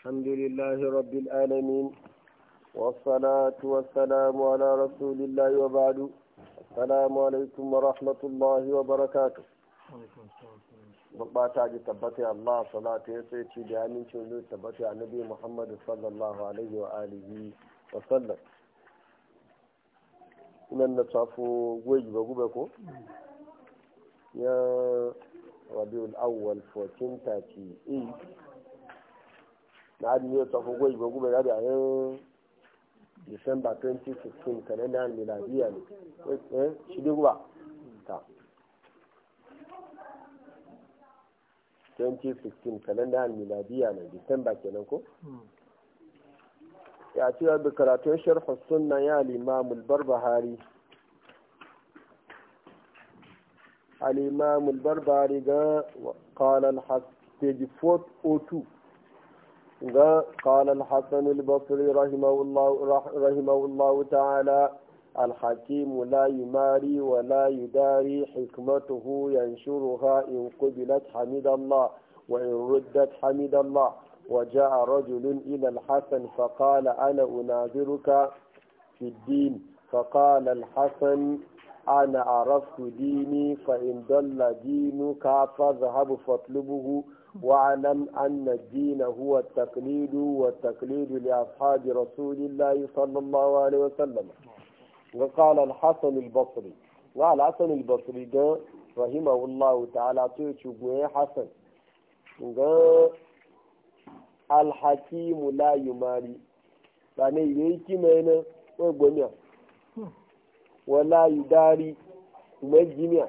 الحمد لله رب العالمين والصلاة والسلام على رسول الله وبعد السلام عليكم ورحمة الله وبركاته ji tabbata Allah salatu ya sai ci da amincin zai tabbata annabi Muhammad sallallahu alaihi wa alihi wa sallam na ba gube ko ya rabiul awwal 1438 na adi yau tafi gwai ba gube gadi a 2016 ne shi dai ta 2016 kalendar ne disamba kenan ko ya ce da karatun sharfa sunna ya al-imam al-barbahari al-imam ga qala ذا قال الحسن البصري رحمه الله رحمه الله تعالى الحكيم لا يماري ولا يداري حكمته ينشرها إن قبلت حمد الله وإن ردت حمد الله وجاء رجل إلى الحسن فقال أنا أناظرك في الدين فقال الحسن أنا عرفت ديني فإن ضل دينك فاذهب فاطلبه واعلم أن الدين هو التقليد والتقليد لأصحاب رسول الله صلى الله عليه وسلم وقال الحسن البصري وعلى الحسن البصري ده رحمه الله تعالى تشوفه حسن الحكيم لا يماري يعني يجي منا ولا يداري مجمع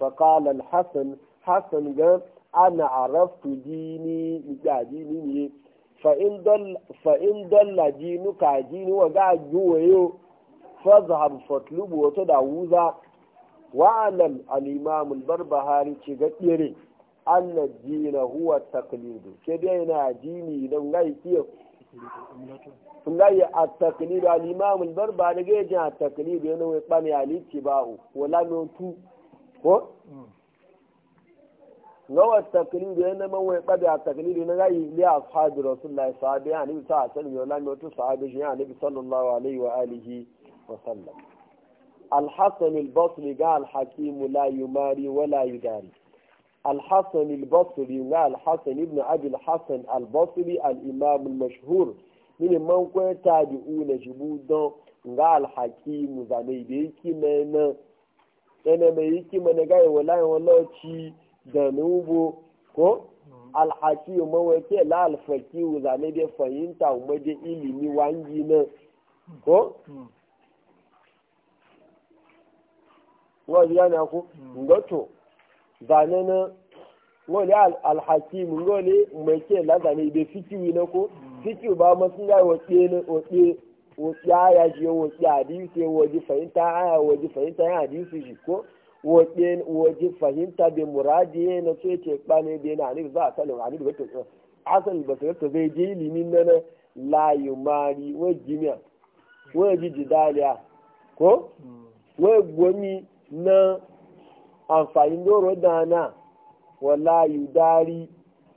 فقال الحسن حسن قال أنا عرفت ديني مجا ديني فإن دل فإن دل دينك ديني وقاعد جوه فاذهب فاطلب وتدعوذا وأعلم الإمام البربهاري تغيري أن الدين هو التقليد كدينا ديني لو غير Ngayi a taklidu al-imam al-barbari gaje a taklidu yana wai kwani al-ittibahu wala mutu ko nawa taklidi yana man wai kada a taklidi na gayi li ashabi rasulullahi sahabi ya ni sa sallam ya lami wato sahabi shi ya bi sallallahu alaihi wa alihi wa sallam al-hasan al-basri ga al-hakim la yumari wa la yudari al-hasan al-basri ga al-hasan ibn abi al-hasan al-basri al-imam al-mashhur min man kwata tabi'una jibudon ga al-hakim zanai da yake nan yana mai hikima na gaya walayin wallaci da nubo ko mm. alhakiyu mawake la alfakiyu zane da fahimta kuma da ilimi wangi na ko mm. wani ya yana ku mm. ngoto zane na ngole alhakimu ngole mai ke la zane da fikiyu na ko fikiyu ba masu wa ɗe wofi aya shi wofi hadisi waje fahimta aya waje fahimta ya hadisi shi ko waje fahimta bai muradi na so yake kpane da yana na za a salon hannu da wata asali ba eh, su zai je ilimin na na layu mari wai jimiya wai ji jidaliya ko wai gomi na amfani doro dana wala dari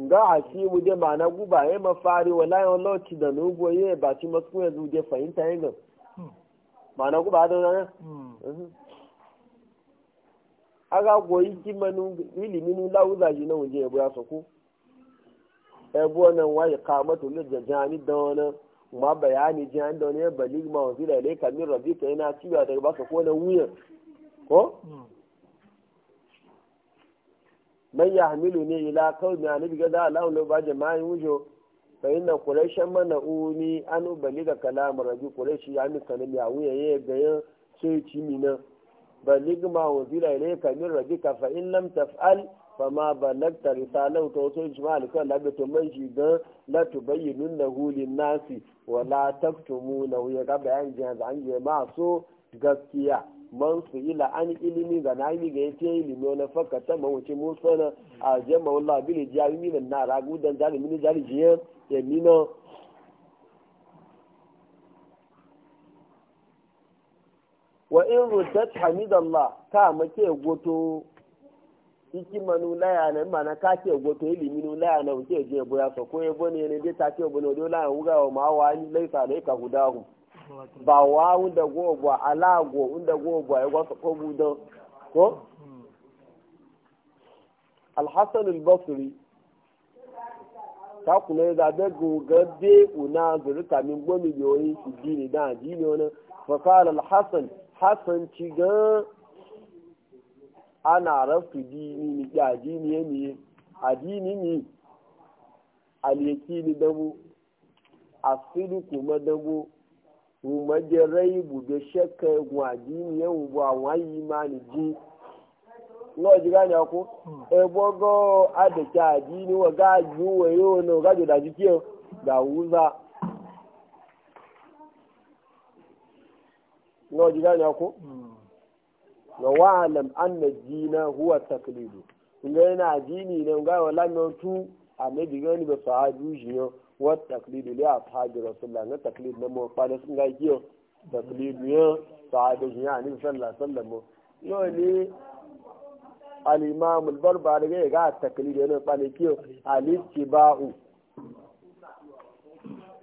nga hasimu de ma'ana guba ya mafari wala yawan lauci da nugo ihe ba ci masu ya yanzu de fahimta yin gan ma'ana guba da wani aga goyi kimanu ilimin lauza shi na waje ya buya sako ebo nan waye kamatu lil jajani da wani ma bayani jani da wani ya balig ma wasu da ilai kamin rabi ka yana cibiya daga ba na ko hmm. man ya hamilu ne ila kawai mai anabi ga za a launin ba jama'in wujo fa inna quraishan mana uni an ubaliga kalam rabbi quraishi ya mi kanin ya wuya ya ga yan sai ci mi nan balig ma wazira ilayka min rabbika fa in lam taf'al fa ma balagta risalahu to sai jama'a alkan da to man shi ga la tubayyinunahu nasi wa la taktumuna ya ga bayan an je ma gaskiya man su ila an ilimi ga na ilimi ga ya ce ilimi wani faka ta mawuce mun sana a jama wallah bile jari mina na ragu dan jari mina jari jiyan ya mina wa in ruddat hamidallah ka ke goto hikima nu laya na ma na ka ke goto ilimi nu laya na ke je boya so ko e bone ne dai ta ke bone do la wuga wa ma wa ni laifa laika gudahu ba wa wunda gowa ala go wunda gowa ya wasu kobu don ko alhassan albasri ta kula ya zaɓe gogabe una zuri kamin gomi yoyi su dini da addini wani fakar alhassan hassan ci gan ana rasu dini ni ya dini ya ne addini ne aliyaki ni dabo asiri kuma dabo umaje raibu um um um hmm. e da shakka gwaji ne ugbu a wayi imani ji lọ ji gani ọkụ ebogo adịka adị ni ga ji uwe ya ono ga ji daji kiyo da wuza hmm. lọ ji gani ọkụ na wa'alam an na jina huwa taklidu nga na jini ne nga wala na tu a mebi gani ba sahabi ujiyo wa taklidu li ashabi rasulullah na taklid na mu kwana sun ga kiyo taklidu ya sahabi ya ni sallallahu alaihi wasallam yo ni al imam al barbari ga ga taklidu na kwana kiyo al ittiba'u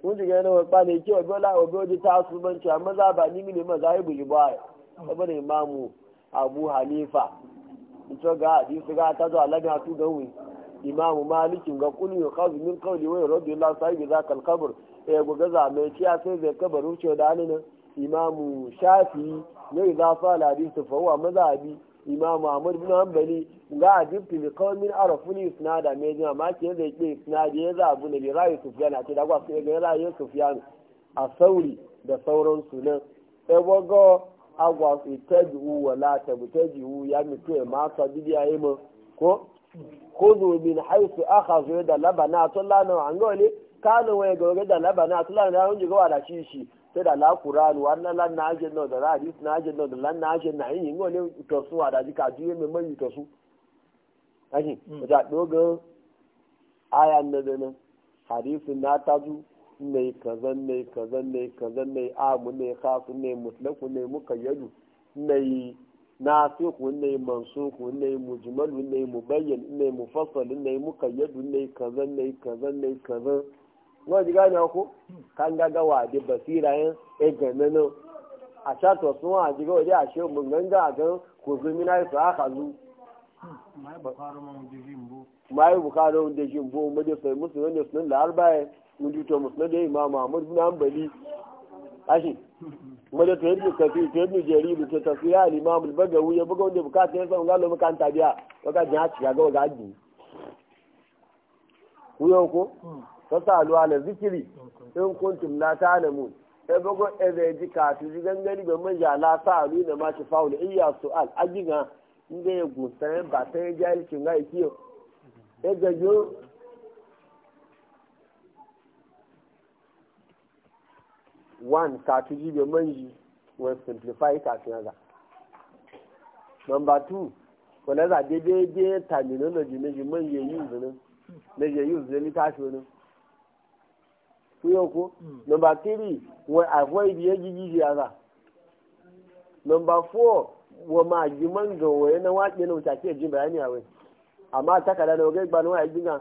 kun ji gani wa kwana kiyo obola ji ta su ban cewa maza ba ni mini bu ba ba saboda imamu abu halifa ito ga hadisi ga ta zo alaga tu ga wuri imam malikin ga kulli yukhaz min qawli wa rabbi la sahibi zaka kal qabr e eh, goga za mai ciya sai zai kabaru ce da nan imam shafi ne za fa hadith fa huwa mazhabi imam ahmad bin hanbali ga ajibtu bi qawmin arafu li isnada me ma ke zai ke isnadi ya za abu ne bi rayu sufyan ce da kwa ga rayu sufyan a sauri da sauran sunan e eh, goga su tajihu wala tabtajihu ya mutu ma sabidiya yimo ko khudhu min aka zo da labana to lana an gole kanu waye ga da labana to lana an ji gawa da shishi sai da la qur'an wannan lan na ajin no da hadis na ajin no da lan na ajin na yin gole to su da ji ka ji mai mai to su aji da dogo aya na da nan hadisin na taju ne kazan ne kazan ne kazan ne amu ne khasu ne mutlaku ne mukayyadu ne nafiq ne mansuk ne mujmal ne mubayyan ne mufassal ne muqayyad ne kaza ne kaza ne kaza wa ji gane ko kan ga ga wadi basira yin e ganan a sha to sun wa ji ga wadi a she mun ganga ga ko zumina su aka zu mai bukhari mun da jimbo mai bukhari mun da jimbo mu da sai musu ne sunan da arba'a mun ji to musu da imam ahmad bin hanbali ashi mgbe ta yadda kafi ta yadda jaridu ta tafi ya limamu bagawu hmm. hmm. e, e, ya buga wanda bukata ya samu galo makanta biya waka jin haci ga gawa ga aji kuyo ko ta salu ala zikiri in kuntum la sai eze ji ji ba na ma ajiga ya gusa ba ta one kafin jibe manji will simplify kafin yaza number two wanda za daidai terminology na ji manje use ne na je use ne ni kashi ne kuyo ko number three will avoid ya jiji yaza number four wa ma ji na wa yana waƙe na wuta ke jin bayani a wai amma takada da wagai gbanu a yi da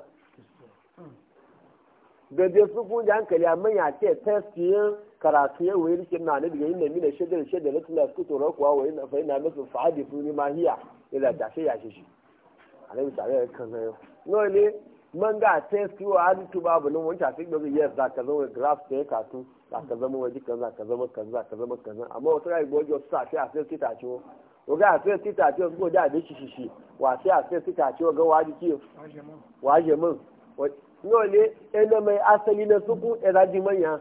bai su da hankali amma ya ce test yin karatu ya wayar kin na ne daga yin nan mina shadar shadar na tula su tsoron kuwa wayin na fa'ina masu fa'adi su ne mahiya ila da shi ya shi shi a nan tare da kan zayo no ne man ga test yo an tu babu nan wancan sai daga yes za ka zama graph da karatu za ka zama waje kan za ka zama kan za ka zama kan amma wata rai gojo sa sai a sai sita ciwo o ga sai kita ciwo ko da da shi shi wa sai a sai kita ciwo ga waje ki waje mun no ne ina mai asali na suku era di manya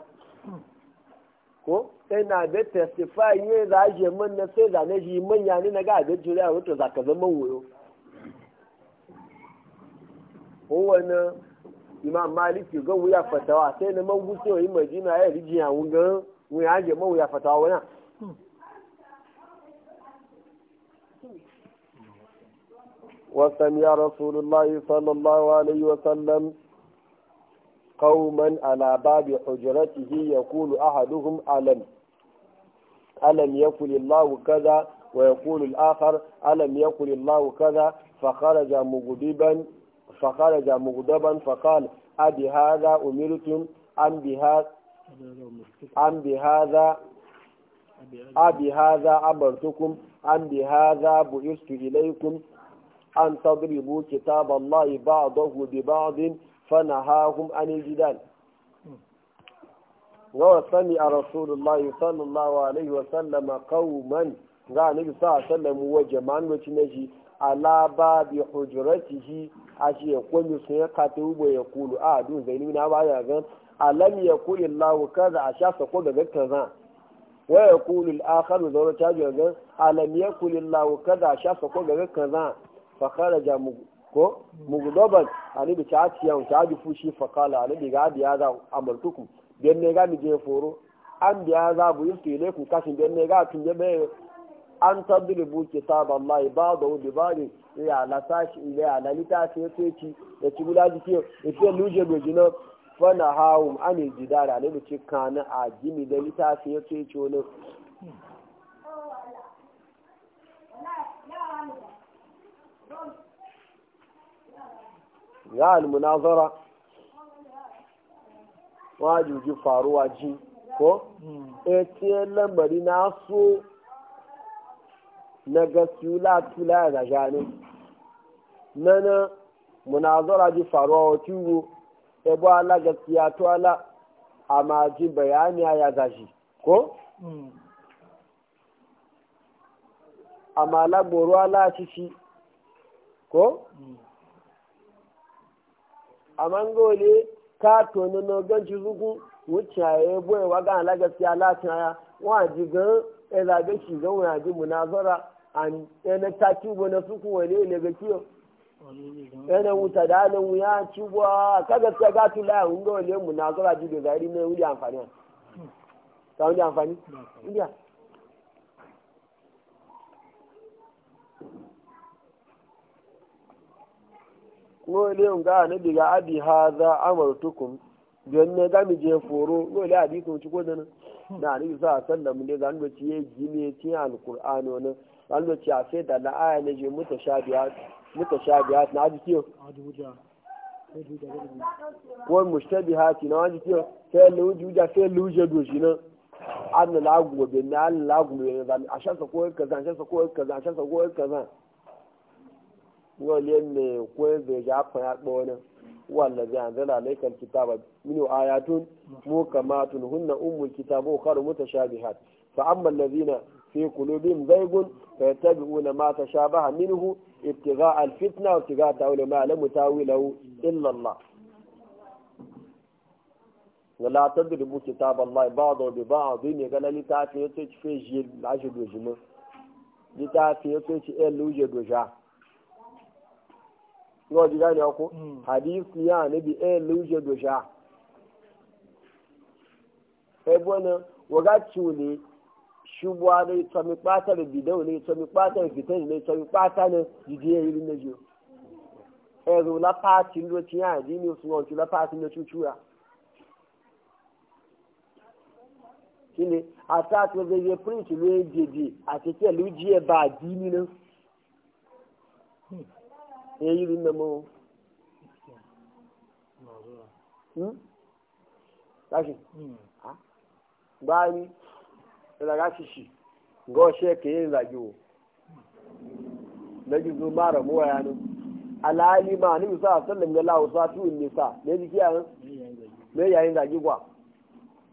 ko sai na ga testify ne za a je man na sai zane shi manya ne na ga a gajiyar a wato zaka zama wuyo kowane imam maliki ga wuya fatawa sai na man gusto yi majina ya rijiya wuga wuya je man wuya fatawa wana وسمع رسول الله صلى الله عليه وسلم قوما على باب حجرته يقول أحدهم ألم ألم يقل الله كذا ويقول الآخر ألم يقل الله كذا فخرج مغضبا فخرج مغضبا فقال أبي هذا أمرتم أم بهذا أم بهذا أبي هذا أمرتكم أم بهذا بعثت إليكم أن تضربوا كتاب الله بعضه ببعض فنهاهم عن الجدال وسمع رسول الله صلى الله عليه وسلم قوما ga sa sallamu wa jama'an wacce na shi ala ba bi hujuratihi a shi ya sun ya kata ubo ya kulu a dun zai nuna ba ya gan alam ya kaza a sha sako ga wa ya kulu kaza a ko mugdoban anibi ta ci yawon ta ji fushi fakala anibi ga biya ya za amaltukum den ne ga mi je foro an biya za bu yusu ne ku kashin den ne ga tun je be an tadribu kitab allah ibadu bi bari ya la sashi ile ala lita ce ce ci da ci guda ji ce ce luje be jina fana hawum ani jidara anibi ci kana a jimi da lita ce ce ci wani Thank hmm. you. ga almunazara wajuji faruwa ji ko hmm. etiyar eh, lambari na so na gasula tula ya gaja ne nana munazara ji faruwa wa tiwo ebo ala gasiya to ala amma ji bayani ya gaji ko hmm. a ala lagboro ala cici ko hmm. amma ole ka tono no ganci zuku wuce ya boye wa ga ala gaskiya lafiya ya wa ji ga ezabe shi ga wa ji munazara an e na ta ci bo na suku wale ne ga kiyo ene wuta da nan ya ci bo ka gaskiya ga tu la un gole munazara ji da zari ne wuri amfani ta wuri amfani le nga ne diga abi hadha amartukum tukum ne gami je foro ngole abi kun ci kodana na ni sa sallam ne zan ga ciye gine ci alqur'ani wannan zan ga ci afe da la aya ne je na abi kiyo na wani na lagu a ko kaza a shasa ko kaza wale mai koyar da ya fa ya ɓo wani wanda zai an zala laikar kitaba minu ayatun mukamatun hunna ummul kitabu kharu mutashabihat fa amma allazina fi qulubihim zaygun fayattabi'una ma tashabaha minhu ibtigha alfitna wa ibtigha ta'wil ma la mutawilahu illa Allah wala tadribu kitab Allah ba'dahu bi ba'd ne ga litafi yace ci fe ji lashi dojima litafi yace ci elu je doja yau ji gane ko mm. hadisi ya ne bi e eh, luje do sha e eh, bona waga chule shubwa ne to mi pata le bidau ne to mi pata le ne to mi pata ne ne jo e eh, zo la pati ti ti ne chuchura kini ata ba di ni ya yi rin da mawa tashi da daga shishi ga washe ka yin zagiwo na gizo mara mawa yanin alhali ma ni musa a sallam ga lawo sa tuwin nisa ne jiki a nan ne yayin zagi kwa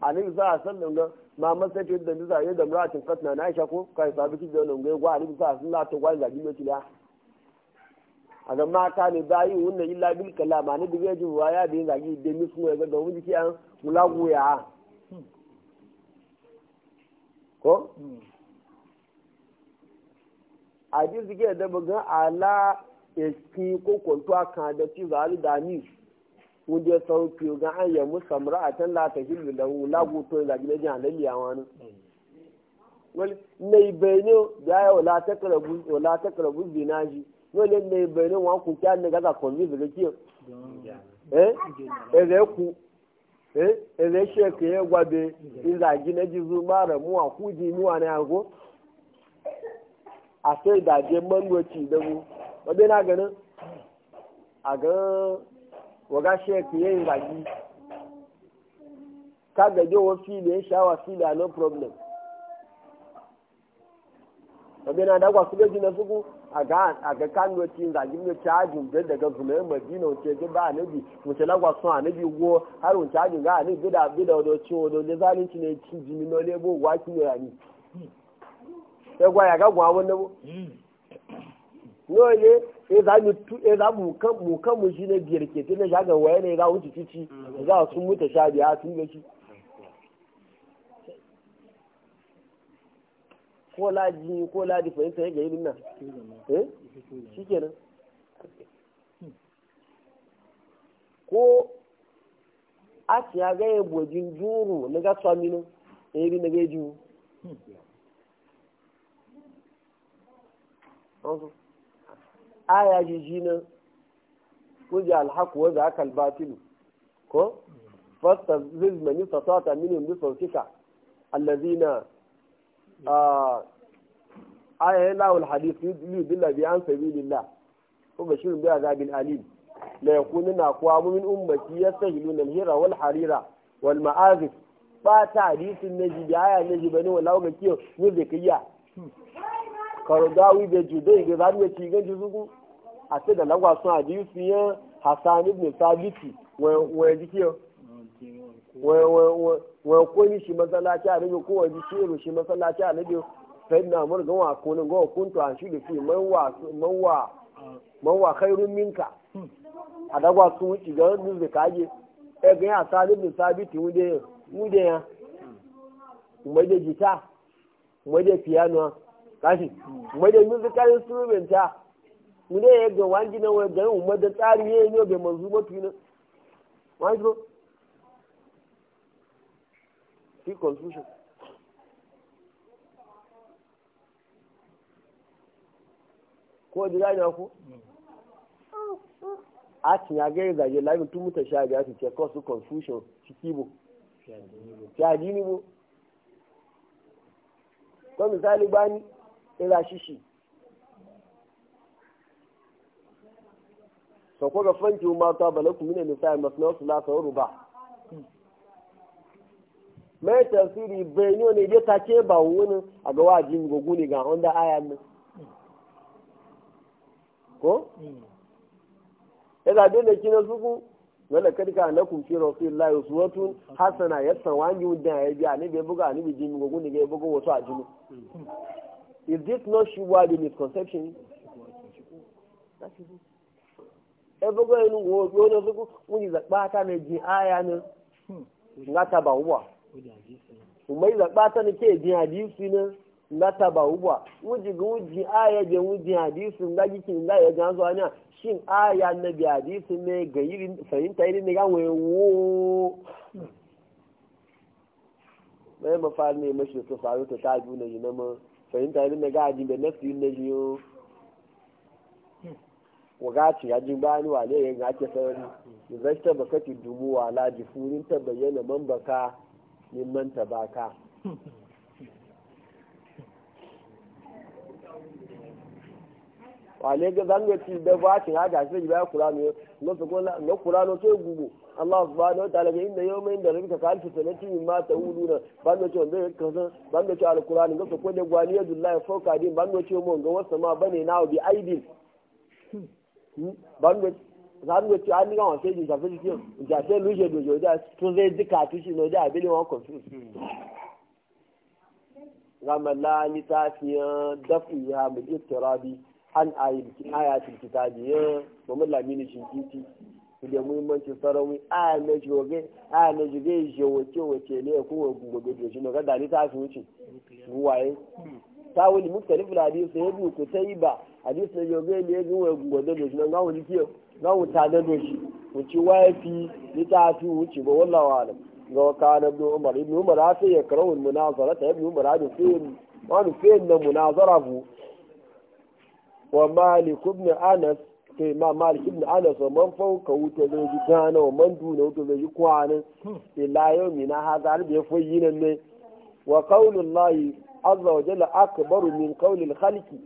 a ni musa a sallam ga ma masai da nisa yadda muratin katina na aisha ko kai sabi ki da wannan gwai gwa a ni musa a sallam ta gwai zagi mai tiliya a ma ka ne bayi wunna illa bil kalama ne da ji wa ya yin zagi da mi sun ga ga wuji kiyan mulagu ya ko hmm. a ji zige da bugan ala eski ko a kan da ci zalu da ni wunde sauki ga an yi musa samra a can la ta da lahu lagu to zagi da jan laliya wani wal nai bayno da ya wala takrabu wala zinaji lóòlẹ́ ní ibẹ̀ ní wọn kù kí á a gàdà kọ̀ ní ìbẹ̀rẹ̀ kí ẹ̀rẹ̀ kù ẹ̀rẹ̀ ṣe kẹ̀yẹ́ gbàgbé ìlà a zu má rẹ̀ mú àkú di inú àná àgó àti ìdàjẹ́ mọ́nú ẹtì ìdẹ́wu ọdẹ́ náà gẹ̀rẹ́ àgán wọ́gá ṣe kẹ̀yẹ́ ìlà yìí kágẹ̀jọ́ problem. wabe na dagwa su gaji na suku a ga kan wacce zagin na cajin da daga ma madina wuce ji ba anabi wuce lagwa sun wo har wuce ajin ga anabi bida bida wado ne ne na lebo wa ki yoya ni ya hmm. gwa ya ga gwa wani bo hmm. e za mu tu e za mu kan mu kan mu shi ne e za ko laji ko fa fahimta ya gari nan eh? shi kenan ko asiya ga ya gaya bojin juru na gasa minu ya yi na gaya jiwu a Aya ji ji nan kuji alhaku wanda aka albatilu ko fasta zizmani fasata minin bisan sika allazina aya ya lawul hadith li بأن سبيل الله sabilillah ko bashirun bi azabil alim la yakununa aqwamu min ummati yastahiluna hira wal harira wal ma'azif ba ta hadisin ji da aya naji bani wala ga kiyo ne da kiya karudawi da judai da zan cigan ji zugu a da lagwa sun hadisi ya hasan ibn sabiti wa wa wọ́n kó shi ṣe a àlejò kó wọ́n shi sí shi ṣe a àlejò fẹ́ẹ́ náà mọ́rọ̀ gan wà kó ní gan kó ń tọ́ àṣù lè fi mọ́wà kẹ́rù mínka àdágbà tún ìgbà ní ya ẹgbẹ́ àtà níbi sábì tí wọ́n dé wọ́n dé yẹn mọ́dé jìtá mọ́dé piano káṣí mọ́dé musical instrument a wọ́n dé yẹn gan wọ́n shi constitution ko ji gane ku a cin ya gari lamin tun mutan sha biya su ce kosu confusion ciki bu fiadini bu ko misali bani ira shishi sako ga fanki ma ta balaku mina misali masnausu la ta ba. mai tafsiri bai ne ne dai take ba wani a ga wajin gogu ne ga onda aya nan ko ya zabe da kina suku na kun fi rasulullahi uswatun hasana yasa wani wanda ya bi ani bai buga ani bi jin gogu ne ga buga a jinu is this not shuwa the misconception that is wo ne aya ne umai zaɓa ɓata ni ke jin hadisi na nga taba ubwa wuji ga wuji aya je wuji hadisi nga jiki nga ya jan zo anya shin aya na bi hadisi ne ga irin fahimta irin ne ga we wo yi mafari ne mashi to faru ta ta ju yi na ma fahimta irin ne ga ajin da nafsi na ji yo ci ya jin bani wa ne ya ga ke sarari zai ta bakati dumuwa la jifurin ta bayyana man baka mimman tabaka wane ga zanga ci da bacin haka sai ya kurano na kula na kurano sai gugu Allah subhanahu wa ta'ala inda mai da ka alfi sanati mimma ta'uduna bando ce wanda ka san bando ce alqur'ani ga gwani din ga ma bane na zanu wetu ani kan wọn ṣe ju ìṣàfẹ́ ju fíìmù ìṣàfẹ́ ló ṣe dòjò ọjà tó ṣe díkà àtúnṣe ní ọjà àbílẹ̀ wọn kò fún un. ramala ni ta fi hàn dafu ya mujib turabi an ayatul kitabi ya mamu lamini shinkiti da muhimmancin sarauni aya na joge aya na joge je wace wace ne ko wa gobe da shi ga dani ta su wuce ruwaye ta wani mukhtalif al sai bu kutaiba hadith na joge ne ga wa gobe da shi ga kiyo ga wuta da doshi wuci wayafi littafi wuci ba wallahu alam ga waka na ibn umar ibn umar sai ya karawo munazara ta ibn umar da sai wani fiyin na munazara bu wa malik ibn anas sai ma malik ibn anas wa man fauka wuta zai ji gana wa man duna wuta zai ji kwanan ila yau na haza da ya fayi nan ne wa qaulullahi azza wa jalla akbaru min qaulil khalqi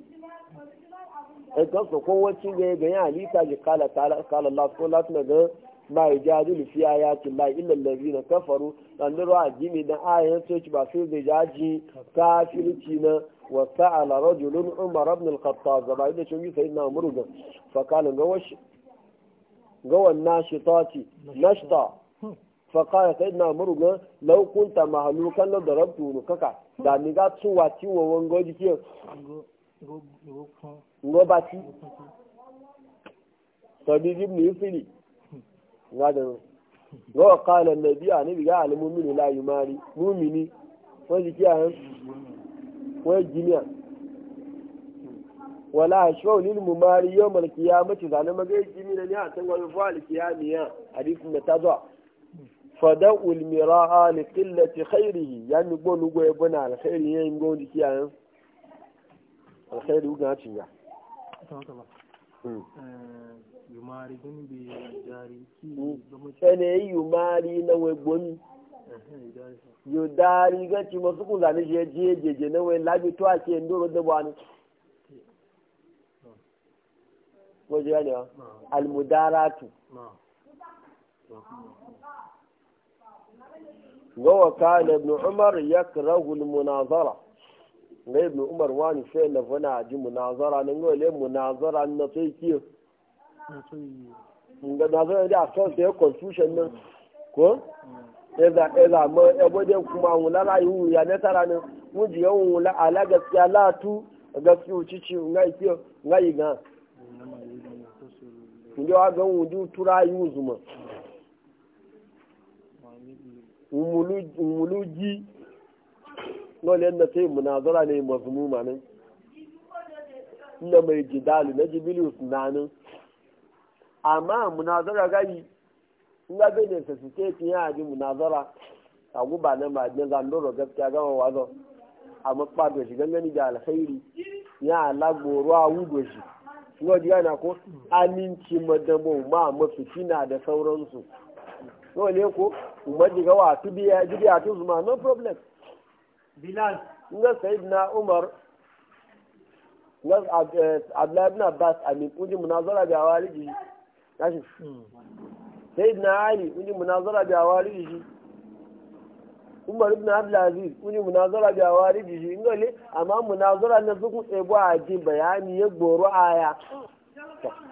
kan su kowace ga ya ganyen halitta ji kala Allah ko latin da ma ya jaji fi ayatin la illa allazina kafaru dan da ruwa jimi dan ayan soci ba sai da jaji kafirci na wa sa'ala rajulun umar ibn al-khattab da bai da shi sai na umar ga fa kana ga washi ga wannan shitati nashta fa kana sai na umar ga law kunta mahlukan la darabtu nukaka da ni ga tsuwa ciwo wangoji ngo bati sabi ibn yusri ngada ngo qala annabi ani biga al mu'minu la yumari mu'mini wani kiya han wani jiniya wala ashfa'u lil mumari yawm al qiyamati zana magai jimina ne a tan wa fa al qiyamiya hadith da tazwa fada'u al mira'a li qillati khairihi yani gonu go yabuna al khairi yayin go dikiya han alkhairi uga cin ya eh, yumari gani yumari na we gbon yo dari ga je je je na we labi to ake ndoro de bwani ko je ne al umar yakrahu munazara ga ibn umar wani sai na fana ji munazara nan ga le munazara na sai ki ga da zai da so sai confusion nan ko mm. eza eza mo e bode kuma mu la rayu ya ne tara nan mu ji yawun la ala gaskiya la tu gaskiya ucici ngai ki ngai ga ndi wa ga wuju tura yuzuma mm. umulu umulu na ẹ̀ nàṣẹ́ ìmùnàzọ́rà ní ìmọ̀sùnmù màní ńlọmọ ìjìdálù méjì bílíọ̀s nánú ya ìmùnàzọ́rà gáyì ńlá bẹ́ẹ̀ ní sẹ̀sìtéètì yẹn àdí ìmùnàzọ́rà àgùbà náà màá a zandóró gẹ́gẹ́ agáwọn wà lọ àmọ́ pàdé òsì gẹ́gẹ́ níjà àlẹ́fẹ́yìrì a alágbòrò àwùdòsì ńlọ di yàrá kó aminci mọ̀dánmọ́ máa mọ̀ da sauransu. ko, umar diga wa, tu biya, tu no problem. bilal nga Sayidina umar nga abdullahi ibn abbas amin kunji munazara bi awaliji tashi Sayidina ali kunji munazara bi awaliji umar ibn abdulaziz kunji munazara bi awaliji nga le amma munazara na zuku ebo aji bayani ya gboro aya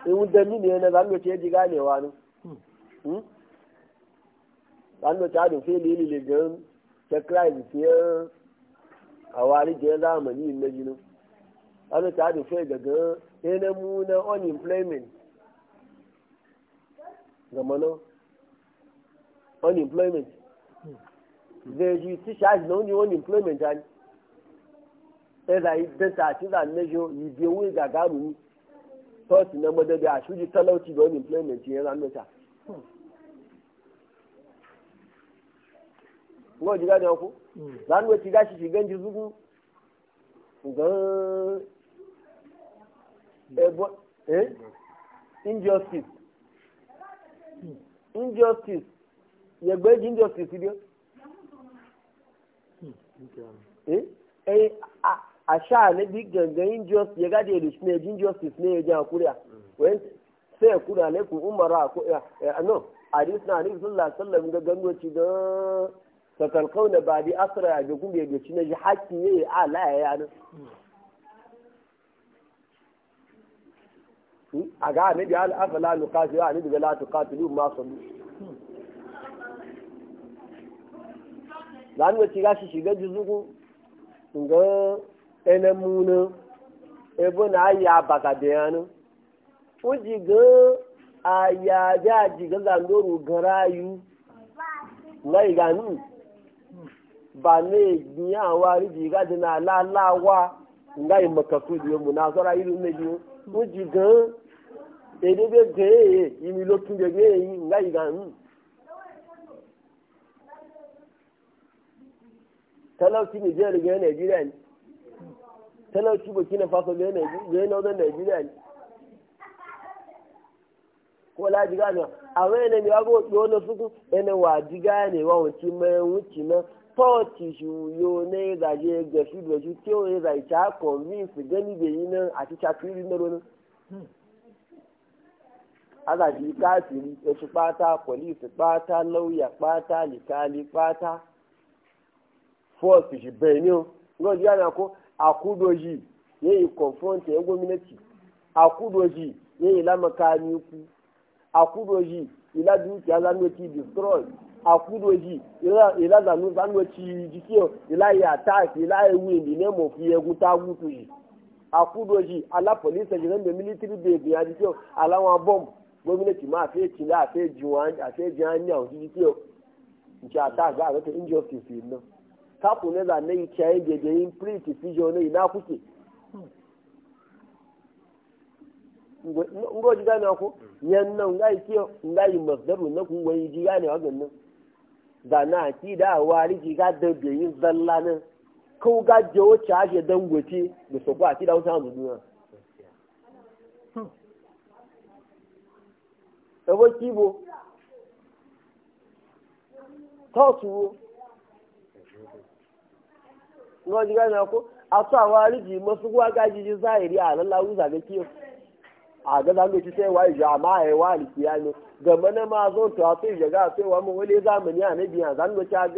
in dalili ne na zamu ce ji ganewa ne zamu ta da fili ne le gan ta cry fiye a wari da zamani na jinin ana ta da fai daga yana na unemployment ga manon unemployment zai ji ti shaji na wani unemployment ta ne ɗaya yi don ta ci za na jo yi biyo wani gagaru tosi na madadi a shuji talauci da unemployment ya zama ta ngo jiga ne ku zan wuce gashi shi ganji zugu ga ebo eh, eh injustice injustice yẹgbẹ́ jí injustice bí ó eh àṣà níbi gangan injustice yẹgáde èlùsùn ẹ̀jí injustice ní ẹ̀jẹ̀ àkúrẹ́ à sai ya kuna ne ku umara ko eh, eh, no hadis na hadis sallallahu alaihi wasallam ga da sakal hmm? kauna e ba di asira ya gugu bai gaci na shi haki ya yi ala ya nan a ga anabi ala afala nukasi ya anabi ga latu katilu ma za zanuwa ci gashi shiga jizugu ga ɗanen muna ebe na ayya baka da yana fuji ga ayya ji ga zandoru garayu na iganu ba ne gbiya wa ribi ga dina lalawa nga yi di yomu na sora ilu ne biyu o ji ga ede be eye imi lo tun be eyi nga yi gan hun talauci nigeria ga nigeria ni talauci burkina faso ga nigeria ni ko laji gane a wani ne mi wago ɗo na suku yana wa ji gane wa wuci mai wuci na tọ́ọ̀tì ṣùyọ ní ìdàjẹ́ gẹ̀ẹ́sì lójú tí ó ìdà ìjà convince gẹ́nìgbè yìí náà àti ṣàkíyèsí náà lónìí. Azàjì káàkiri oṣù pátá pọ̀líìsì pátá lọ́wọ́yà pátá lìkàlì pátá fọ́ọ̀sì ṣì bẹ̀rẹ̀ ní o. Ngọ́ ìjọba náà kó àkúdòjì yẹ́yìn kọ̀ǹfọ́ǹtì ẹgbẹ́ mínẹ́tì àkúdòjì yẹ́yìn lámàkà ní ikú. akudoji ila dukiya za mu ci destroy akudoji ila ila za mu za mu ci jikiyo ila ya attack ila win ni nemo fi egun ta gutu yi akudoji ala police jiran da military base ya jikiyo ala wa bomb gwamnati ma fe ci la fe juwan a fe janya o jikiyo nci attack za ga ta injustice yin nan kapu ne za ne yi ciyayi da yin print fijo ne ina kuke ngo ji gane ko yan nan ngai kiyo ngai masdaru na ku wai ji gane wa gannan da na ki da wari ji ga da yin zalla nan ko ga jowo chaje dan gote da so ba ki da wata mu duniya ebo bo tọ́ọ̀tù wo ngo ji gane ko a sa wari ji masu gwa ga ji zahiri a lalla za ga kiyo a ga za mu ci sai wai jama'a ya wali kiyami ga mana ma zo to a sai jaga sai wa mu wale zamani a nabi ya zan ci a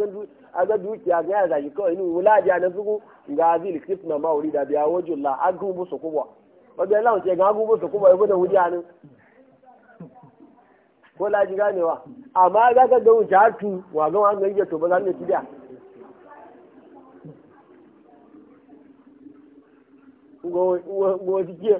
ga dukiya ga ya zaki kawai ni wulaji na zugu ga azil ma mauri da biya wajulla an gubu su kubwa wanda lawo ce ga gubu su kubwa ya da wuya ne ko la laji ganewa amma ga ga da wuce tu wa ga wa ga to ba zan ci da ngo ngo dike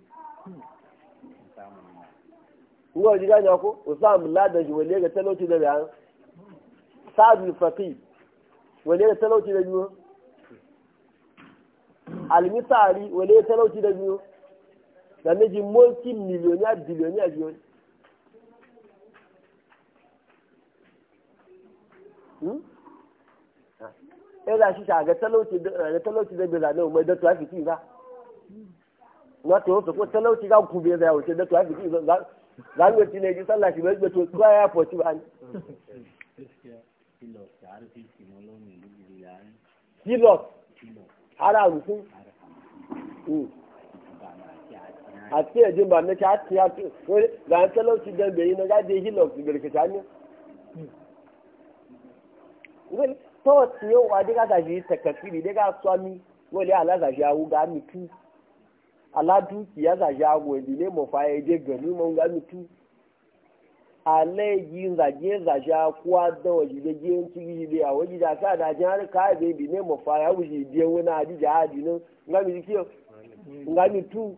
kuwa ji gane ko usam ladan shi wale ga talauci da bayan sadu faqi wale ga talauci da biyo almisari wale ga talauci da biyo da miji multi millionaire billionaire biyo hmm eh da shi ga talauci da eh, talauci da bai zane mai da traffic ba wato ko talauci ga kube da ya wuce da traffic zangoci ne ji sallah shi bai to zuwa ya foci ba ne kilot hara rukun hmm. a ce jin ba na ci ya ci ga an talauci don bai yi na gaje hilok birkita ne wani to tiyo wa daga gashi takasiri swami wani ala gashi awu ga mitu ala dukiya za shi agwo di ne mo e je gani mo ga tu ale yi za je za ja akwa da yi da je nti yi a awo ji da ka da ja har ka de bi ne mo ya awu ji de wo na ji ja di no nga mi ki nga tu.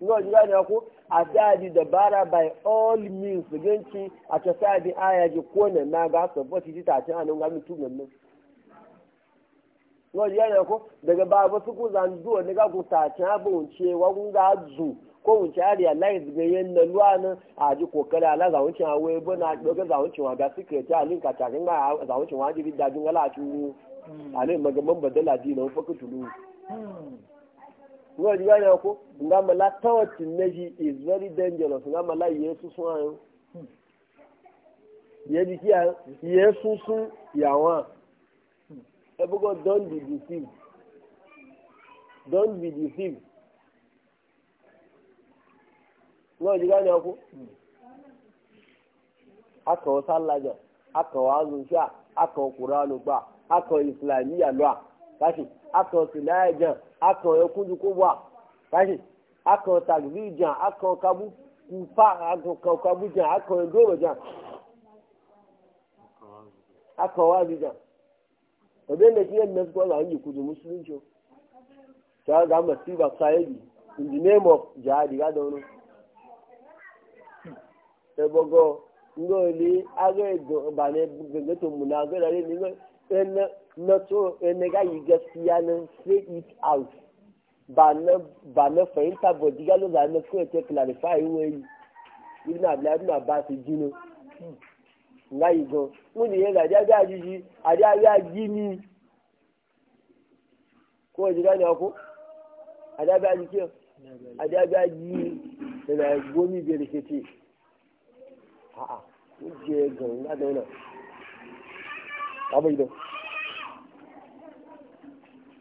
no ji ga ne ko da bara by all means ganci a ta di aya ji ko na na ga support ji ta ta no nga mitu no wọ́n yẹ́ ẹ̀yàn daga ba ba su kuza duwa ni ga ku ta ci ha bu ce wa kun ga zu ko kun ci ariya ya daga yin na luwa nan a ji kokari za wucin wa ga suke ci alin ka cakin ga za wucin wa jibi dajin ala hmm. a cikin alin magaman badala di na wufa tulu. wọ́n yẹ́ ẹ̀yàn nga mala tawati neji is very dangerous nga mala yesu sun ayo. Hmm. sun ebugo don be deceived don be deceived wọ́n ti gánà ọkú akọ̀wọ́ sálàjà akọ̀wọ́ azùnṣà akọ̀wọ́ kùránù gbà akọ̀wọ́ a kashi akọ akọ̀wọ́ akọ akọ̀wọ́ ẹkúndùkú wà káṣí akọ̀wọ́ tàgbíjà Kabu kabukufa akọ kabujà ọdún da tí ẹ̀dẹ̀ sọ́kọ́ là ń yìí kudu musulunci jọ tí a ba sa yi ibà sáyẹ́dì in the name of jihadi gádà ọ̀nà ẹ̀bọ̀gọ́ ńgọ́ ilé agẹ́ ẹ̀dùn ọba ní gẹ̀gẹ́ tó múná agẹ́ ni, nígbà ẹ̀nà nọ́tò ẹ̀nà gá say it out bà ná fẹ̀yìntà bọ̀dí gálọ́dà ẹ̀ fún ẹ̀tẹ́ clarify wọ́n yìí ibi náà abdullahi na abba ti nga yi gan wọn lè yẹn gà àdíágbé àjíjí àdíágbé àjíní kó ní ọkọ àdíágbé àjíjí àdíágbé àjíní nana gómi bèrè kété aa wọn nga dán náà abẹ́yìí dán.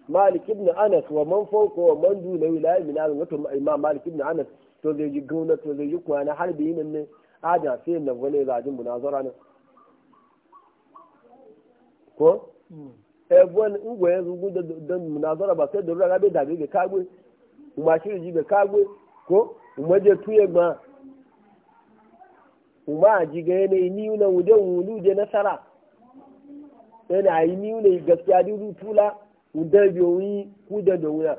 Malik ibn Anas wa man fawqa wa man Anas har munazara nan ko hmm. ebon ngwe yanzu gudu don munazara ba sai da ruwa gabe da ga kagwe kuma shirin ji ga kagwe ko kuma tuye ma a ji ga yanayi niyu na wude wulu je nasara yana yi niyu na gaskiya duru tula wuda biyu yi kuda da wuya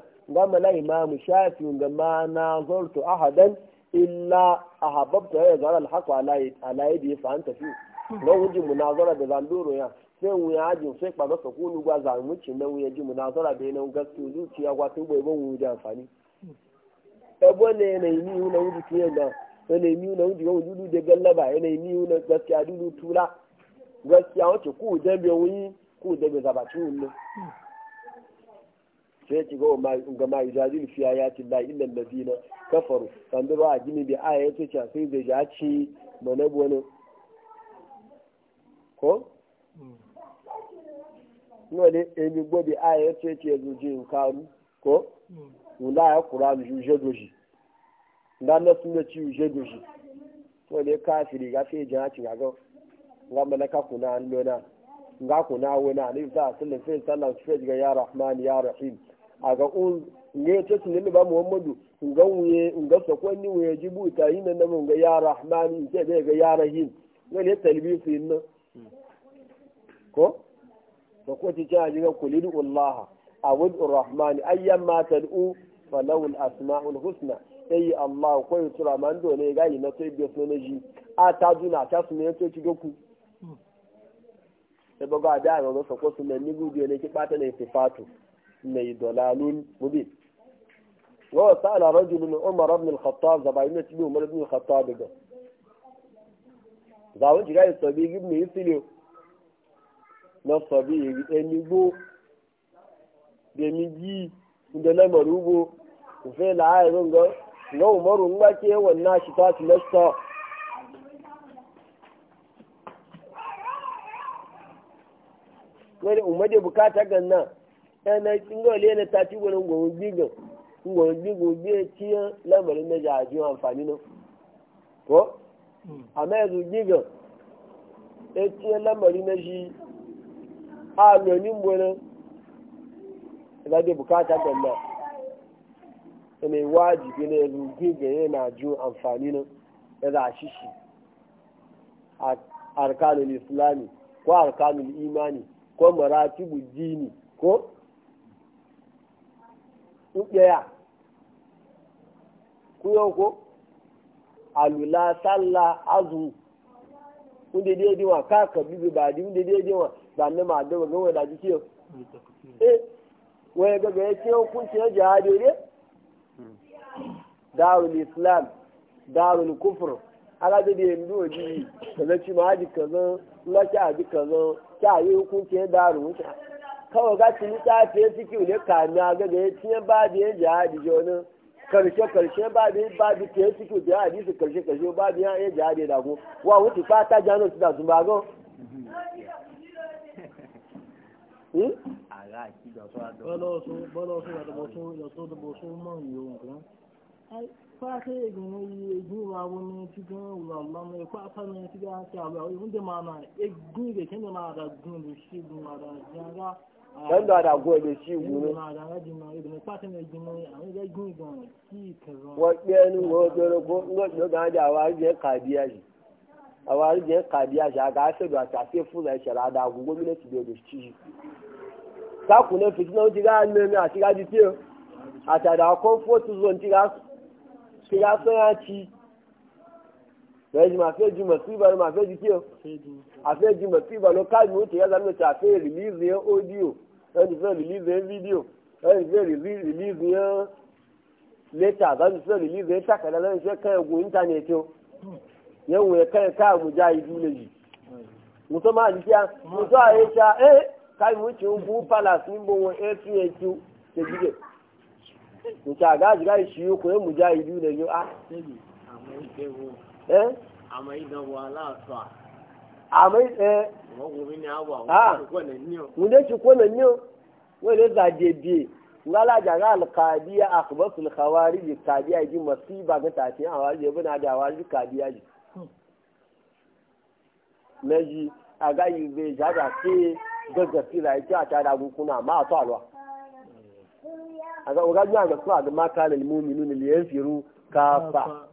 shafi ga ma na zortu ahadan illa ahabbtu ya zara alhaqu ala ala ya sai ya ajin sai kpa masa kunu gwa zamuci na wuya na munazara da yanayin gaskiya zuciya gwa tun bai ban wuya da amfani ɗabo ne yanayi ni na wuji tuyen na yanayi ni yuna wuji wani dudu da gallaba yanayi ni yuna gaskiya dudu tula gaskiya wace ku dambe wuyi ku dambe zabaci wunne sai ci ga ma yujadil fiya ya la illan ladina kafaru bi sai da ya ci wani emi gobe a ya ce ce zuje kanu ko wula ya kura mu juje doji dan na sun ci juje doji to ne kafiri ga fe jina ci ga ga malaka kuna an lona ga na wona ne ta sallan fe sallan fe ga ya rahman ya rahim aga un ne ce sun nga ba nga ga wuye ga sakonni wuye jibuta yin nan mun ga ya rahman ce ga ya rahim ne talbisu yin ko da kuma cikin ajiyar kulin ullaha a wadda rahmani ayyan matan u falawul asma'ul husna sai allah ko yi tura man dole ga yi na sai biyu sunan ji a ta juna ta su ne to ci goku sai ba ga da ga sa ko sunan ni gudu ne ki fata ne sifatu mai dalalun mubin wa sa'ala rajulun lọ́sọ̀ bí ẹni gbó bẹ̀mí yí gbó òfin làárọ̀ ńgọ́ ńgọ́ òmọ́rò ńgbà kí ẹ̀wọ̀n náà ṣètò àti lọ́sọ̀. wani umade bukata ganna yana kinga le na tati wani gwon giga gwon giga ge tiya lamarin na jaji amfani no ko amma yanzu giga e tiya lamarin na shi a lonin wani za da bukata ganda da mai wajibi ne ya rugi ga yana jin amfani nan ya za a shishi a arkanul islami ko arkanul imani ko maratibu dini ko ɗaya kuyo ko alula sallah azu wanda daidai wa kaka bibi ba di wanda daidai wa ba ma da ga wala ji kiyo eh wai ga ga yake hukunci na jihadi ne darul islam darul kufr ala da da ndu oji kaza ci ma ji kaza la ci aji kaza ta yi hukunci na darul wuce kawai ga ci ni ta ce siki ne ka a ga ya yake ba da yin jihadi jona karshe karshe ba da yin ba da ke siki da hadisi karshe karshe ba da yin jihadi da go wa wuce fata jano su da su ba go Hmm? àrà àti ìdọ̀tún àdọ̀. bọ́lá ní òǹkan. fáṣẹ ní ẹ̀kọ́ afẹ́mi tí wọ́n ti àwẹ̀ oúnjẹ máa nà ni máa dà gun lè ṣe gun àdà jẹ́ra. lẹ́nu àdà gun ẹ̀ lè ṣe ìwú ni. wọ́n pẹ́ ẹnu wọ́n gbẹ́rẹ́ kó lọ́gbọ̀n àjà àwọn àjẹ́ kàdí àjì. àwọn àjẹ́ kàdí àjì àgà àṣẹ̀dọ̀ àti àṣẹ̀fúnra ìṣẹ̀lẹ̀ kakunan fitina wuce ga hannun a shiga jike a tada comfort zone shiga sanya ci fẹ́ẹ̀jì máa fẹ́ẹ̀jì mọ̀ sí ìbàlẹ̀ máa fẹ́ẹ̀jì kí o sí ìbàlẹ̀ káàdì ó ti yára àfẹ́ rìlíìsì yẹn ódíò ẹni fẹ́ rìlíìsì yẹn fídíò ẹni fẹ́ rìlíìsì yẹn lẹ́tà ẹni fẹ́ rìlíìsì yẹn takàdá lẹ́yìn fẹ́ kẹ́ ẹ̀gùn íńtánẹ̀tì o yẹn wọ̀ ẹ̀ kẹ́ ẹ̀ ìdúlẹ̀ yìí mùtọ́ máa di kíá àyè káyọ̀ wọ́n ti ń bú palace ń bọ̀ wọn aph tẹ̀síkẹ̀ nti aga ajiga ìṣirò kò é mùjá ìlú rẹ̀ yọ á. da wala aláàtọ̀ àmọ́ ẹ. wọ́n wo mi ní e. àwọ̀ àwọn olùkọ́ nà ní o. ǹjẹ́ na kó nà ní o wọ́n lè zà dèbìé ngala jaga alkadiya akhbatul khawarij kadiya ji masiba ga tafi awari je bana da awari kadiya ji hmm. meji aga yi be jaga ke gaggafi da yake a tada gukuna ma a tsalwa a ga oga a ga suna da maka da limominu ne liyan firu kafa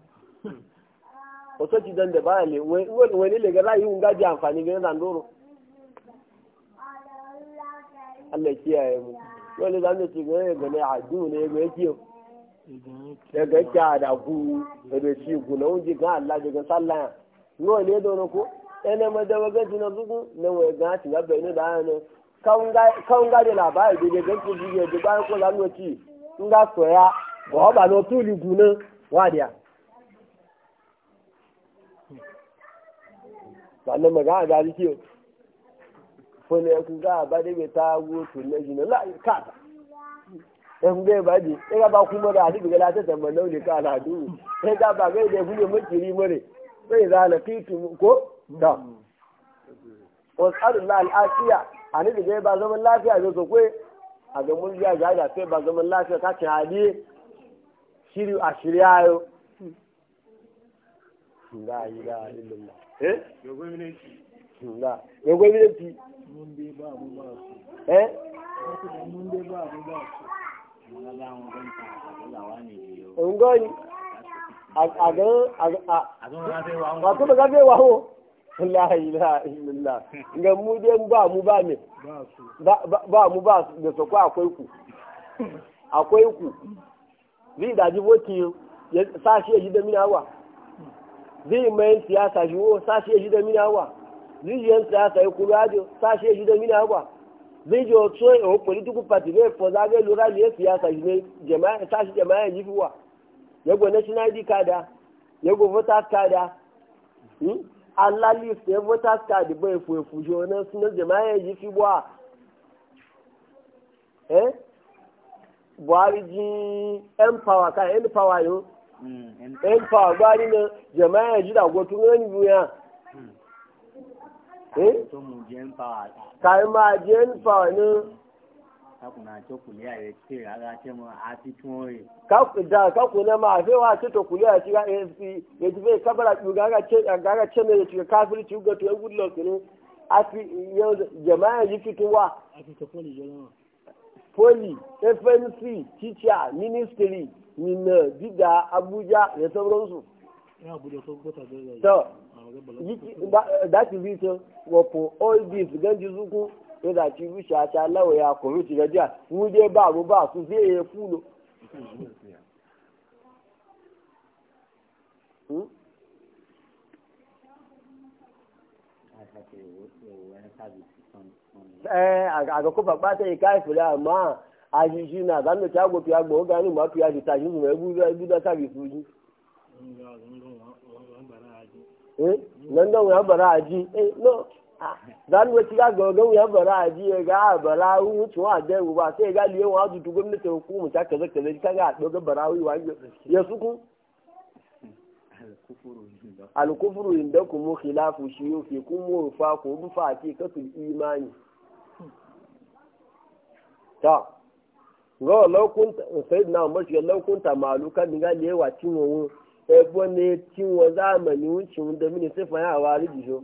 wasu ci dan da ba ne wani lega ra'ayi amfani ga na doro Allah kiyaye mu wani zan da ci ga ga a du na ya ga kya da ku da ci ga Allah ne ko ɗana madawa ganci na zuku na wai ganci na bai ni da hannu kawun gari labari e da e ga soya ba e ba na otu ligu na wadiya sannan magana tá a wo tò lẹ́yìn náà láàyè káàtà bá di bá kú àti bá kí kó to wasu al'afiya a nufi a ga murjiya ga da sai ba zaman lafiya ta ce hali shiri a shirya yau la ilaha illallah eh yo gwamnati la mun dai ba mu ba su eh mun dai ba mu ba su la ilaha illallah ga mu dai ba mu ba me ba mu ba da sako akwai ku akwai ku zai daji voti ya sashi ya ji da mina wa zai mai siyasa shi wo oh, sashi ya ji da awa wa zai yi siyasa ya kuru ajo sashi ya ji da mina wa zai ji otu ya e, o political party ne for zage lura ne siyasa shi ne jama'a sashi jama'a ji fi wa yago national id kada yago voters kada hmm? alali fẹ voters card bọ efo efujo ọ̀nà sinú jẹ̀máyà yìí fi bọ́ a eh? buhari jí empower ká empower yó hmm, empower buhari náà jẹ̀máyà yìí dàgbọ́ tó ń rẹ́ni bu yàn. ká ẹ máa jẹ́ empower náà. kakuna ma afe wa ce to kuli a cikin asp ya ji bai kabara gaga ce ne ya cika kafirci ga to ya gudu lokacin afi jama'a ji fitowa poli fnc teacher ministry nina dida abuja da sauransu to that is it eh, wapo all this ganji zuku ya zaci rusha ta lawaya ko ruci gajiya mu dai ba mu ba su zai yi fulo hmm? eh aga ko papa, ta yi kai fula amma ajiji na zanu ta go piya go ga ma piya ji ta ebu mbara zan wace ga gogon ya bara a jiya ga bara wucin wa da ba sai ga liyan wa zutu gwamnati hukumu ta kaza kaza ka ga doga bara wi wa ya suku alkufuru inda kuma khilafu shi yau fi kuma fa ko bu fa ce kasul imani ta ga lokun sai na mashi lokun ta maluka dinga lewa tinwo ebo ne tinwo zamani wucin da mini sai fa ya wa rijijo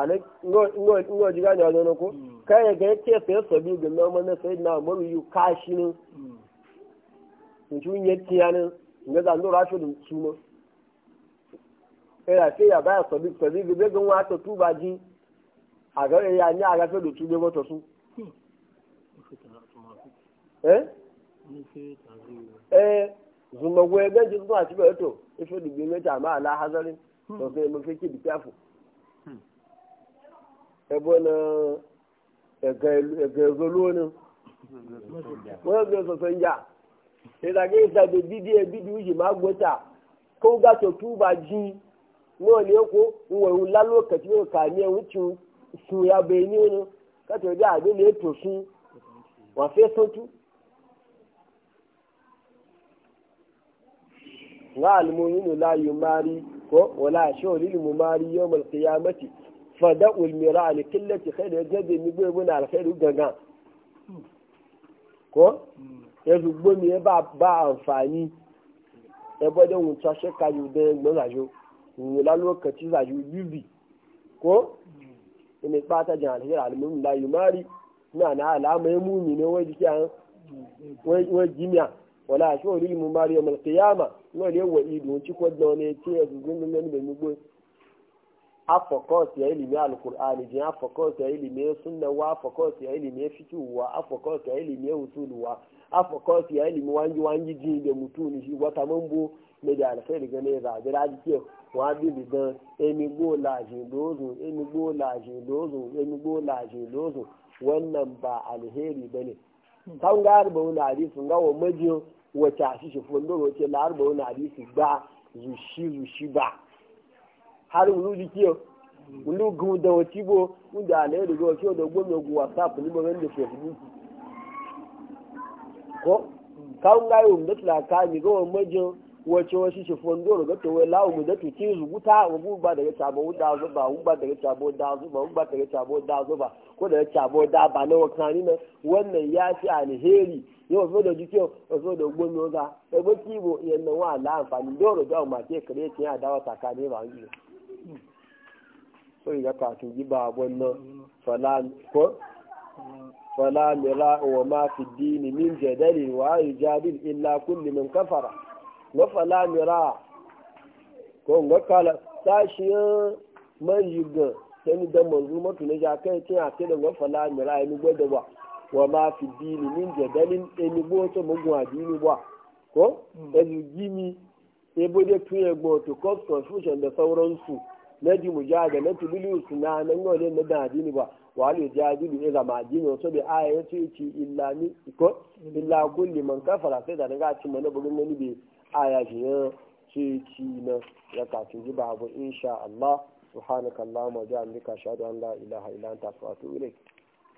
ngo jiga ne wazo ko kai ga yace sai ga nan na sai na maru yu kashi ne mutun yace yana ya sai ya ba sabi sabi ga ga wato tuba ji a ga ya ni a ga sai da tube wato su eh? eh zuma gwe zuwa ci ba to ife ma ala hazarin hmm. to ebo na egezo luonin wọ́n gbé sọ̀sọ̀ ń jà ìdàgé ìsàgbè dídí ẹbí di ìyè ma gbọ́ta kó gàtọ̀ tó bá jí náà ní ẹ̀kọ́ ìwọ̀n ìwọ̀n lálọ́ kẹ̀tí yóò kà ní ẹ̀hún tún sun abẹ ní ọ̀nà kẹtọ̀ dé àgbẹ̀ lè tó sun wà fẹ́ sọ́tú. nga alimu yinu la ko wala shawli limu mari yawmal qiyamati fada ulmira ali killaci khairu ya gabe mi gbe muna alkhairu ganga ko ya zugbo mi ba ba amfani ya bada wuta shekka ju da gbon zajo wula lokaci zajo bibi ko ina fata jan alkhairu alimin la yumari na na alama ya mumi ne wai jikiya wai jimiya wala shi wani mu mariya malkiyama wani yawa idu ci kwadda wani ya ce ya zugbo mi gani mi gbe afọkọs ya ilimi alkur'ani jin afọkọs ya ilimi sunna wa afọkọs ya ilimi fikihu wa afọkọs ya ilimi usulu wa afọkọs ya ilimi wanji wanji jin da mutuni shi wata mambo ne da alkhairi gane za adịrị raji ke wa bi bidan emi go laji dozu emi go laji dozu emi laji dozu wannan ba alheri bane hmm. kan ga arba wani hadisi ga wa majiyo wata shi shi fundo wace na arba wani hadisi ba zushi zushi ba har wulu di kiyo wulu gun da wati bo mun da ne da go kiyo da go me go whatsapp ni mo da ko ko ka un gayo mun da tla ka ni go mo jo wace wasu shi fondoro ga to la mu da zu rubuta wa bu ba daga tabo da zu ba un ba daga tabo da zu ba un ba daga tabo da zu ba ko daga tabo da ba na wakani ne wannan ya fi alheri yau zo da jikin zo da gomi oga ebe kibo yannan wa ala amfani doro da ma ke kare ya dawa tsakanin ba wani so iga katun gi babon nan fala mira wa ma fi dini min jadalin wa yujadil illa kulli min kafara wa fala mira ko ga kala sashi man yiga sai da manzu mutu ne ja kai tin ake da wa fala mira ni gwada ba wa ma fi dini min jadalin eni bo to mugun adini ba ko da mm. gimi ebo de tun egbo to cause confusion da sauransu na ji mu jaga na tulilu suna nan yau ne na dadi ba wa alu jajilu ya zama jini wasu e da aya ya ce ci illa ni ko illa kulli man kafara sai da daga cin mana bugun wani bai aya shi ya ce ci na ya kafin ji babu insha Allah wa bihamdika ashhadu an la ilaha illa anta astaghfiruka wa atubu